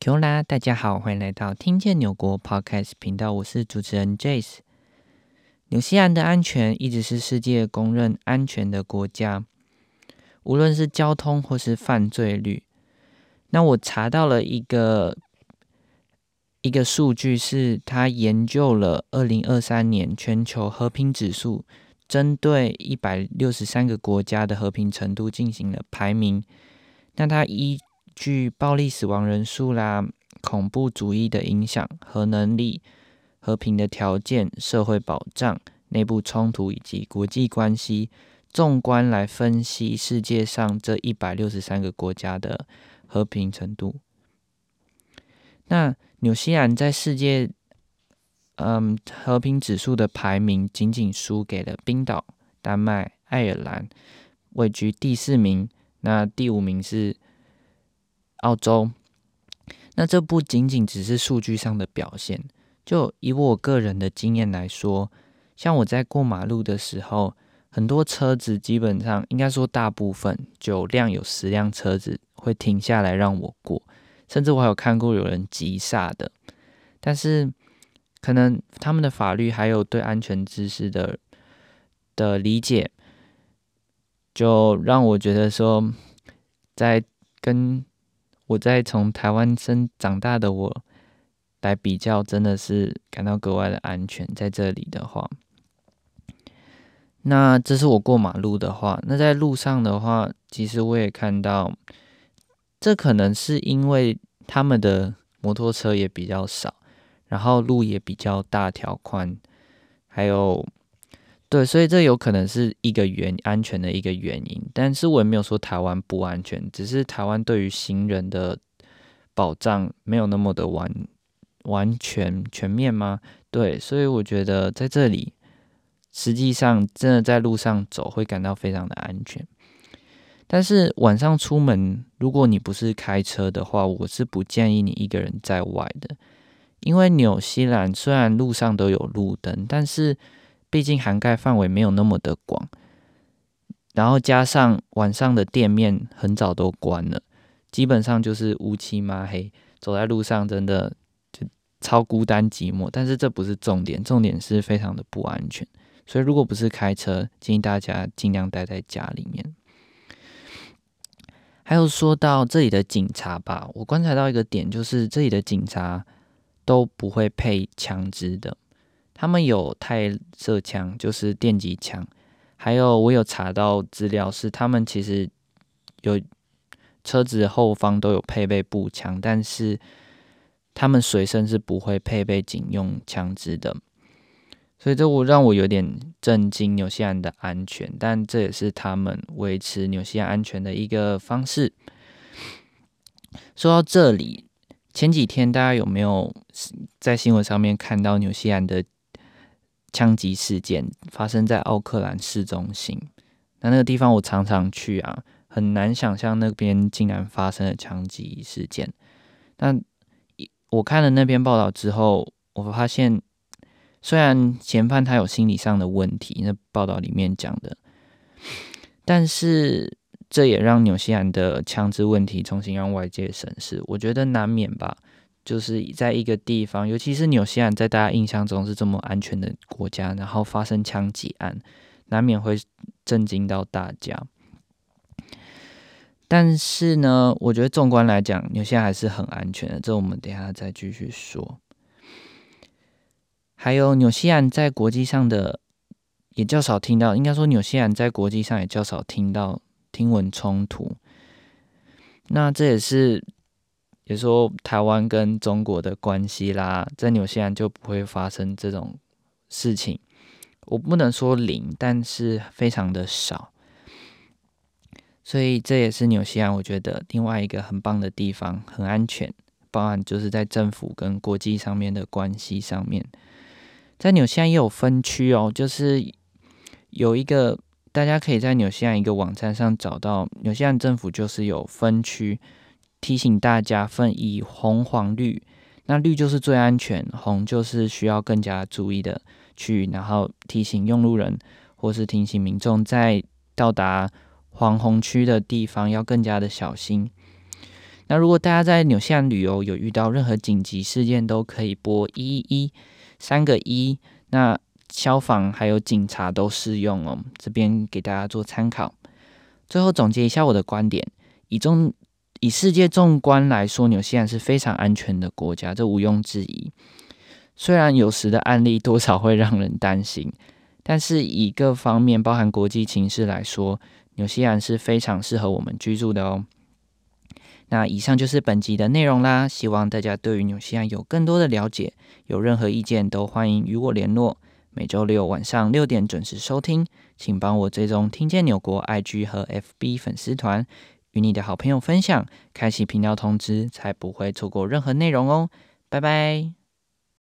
Kia ora，大家好，歡迎來到聽見紐國 Podcast 頻道，我是主持人 Jace。紐西蘭的安全一直是世界公認安全的國家，無論是交通或是犯罪率。那我查到了一個一個數據，是他研究了二零二三年全球和平指數，針對一百六十三個國家的和平程度進行了排名。那他一據暴力死亡人數啦、恐怖主義的影響、核能力、和平的條件、社會保障、內部衝突以及國際關係，縱觀來分析世界上這一百六十三個國家的和平程度。那紐西蘭在世界嗯和平指數的排名，僅僅輸給了冰島、丹麥、愛爾蘭，位居第四名。那第五名是澳洲。那這不僅僅只是數據上的表現，就以我個人的經驗來說，像我在過馬路的時候，很多車子基本上應該說大部分，九輛有十輛車子會停下來讓我過，甚至我還有看過有人急剎的。但是，可能他們的法律還有對安全知識的的理解，就讓我覺得說，在跟我在從台灣生長大的我來比較，真的是感到格外的安全在這裡的話。那這是我過馬路的話，那在路上的話，其實我也看到，這可能是因為他們的摩托車也比較少，然後路也比較大條寬，還有。對，所以這有可能是一個原安全的一個原因，但是我也沒有說台灣不安全，只是台灣對於行人的保障沒有那麼的完完全全面嗎？對，所以我覺得在這裡，實際上真的在路上走會感到非常的安全，但是晚上出門，如果你不是開車的話，我是不建議你一個人在外的，因為紐西蘭雖然路上都有路燈，但是。畢竟涵蓋範圍沒有那麼的廣，然後加上晚上的店面很早都關了，基本上就是烏漆抹黑，走在路上真的就超孤單寂寞。但是這不是重點，重點是非常的不安全，所以如果不是開車，建議大家盡量待在家裡面。還有說到這裡的警察吧，我觀察到一個點，就是這裡的警察都不會配槍支的。他們有泰瑟槍，就是電擊槍，還有我有查到資料是，他們其實有車子後方都有配備步槍，但是他們隨身是不會配備警用槍支的，所以這我讓我有點震驚紐西蘭的安全，但這也是他們維持紐西蘭安全的一個方式。說到這裡，前幾天大家有沒有在新聞上面看到紐西蘭的？槍擊事件發生在奧克蘭市中心，那那個地方我常常去啊，很難想象那邊竟然發生了槍擊事件。那我看了那篇報道之後，我發現雖然嫌犯他有心理上的問題，那報道裡面講的，但是這也讓紐西蘭的槍支問題重新讓外界審視，我覺得難免吧。就是在一個地方，尤其是紐西蘭，在大家印象中是這麼安全的國家，然後發生槍擊案，難免會震驚到大家。但是呢，我覺得縱觀來講，紐西蘭還是很安全的。這我們等下再繼續說。還有紐西蘭在國際上的也較少聽到，應該說紐西蘭在國際上也較少聽到聽聞衝突。那這也是。比如說台灣跟中國的關係啦，在紐西蘭就不會發生這種事情。我不能說零，但是非常的少。所以這也是紐西蘭，我覺得另外一個很棒的地方，很安全，包含就是在政府跟國際上面的關係上面。在紐西蘭也有分區哦，就是有一個大家可以在紐西蘭一個網站上找到，紐西蘭政府就是有分區。提醒大家，分以紅、黃、綠，那綠就是最安全，紅就是需要更加注意的去，去然後提醒用路人或是提醒民眾，在到達黃紅區的地方要更加的小心。那如果大家在紐西蘭旅遊，有遇到任何緊急事件，都可以撥一一一，三個一，那消防還有警察都適用哦。這邊給大家做參考。最後總結一下我的觀點，以中。以世界縱觀來說，紐西蘭是非常安全的國家，這毋庸置疑。雖然有時的案例多少會讓人擔心，但是以各方面，包含國際情勢來說，紐西蘭是非常適合我們居住的哦。那以上就是本集的內容啦，希望大家對於紐西蘭有更多的了解。有任何意見都歡迎與我聯絡。每周六晚上六點準時收聽，請幫我追蹤聽見紐國 IG 和 FB 粉絲團。與你的好朋友分享，開啟頻道通知，才不會錯過任何內容哦。拜拜。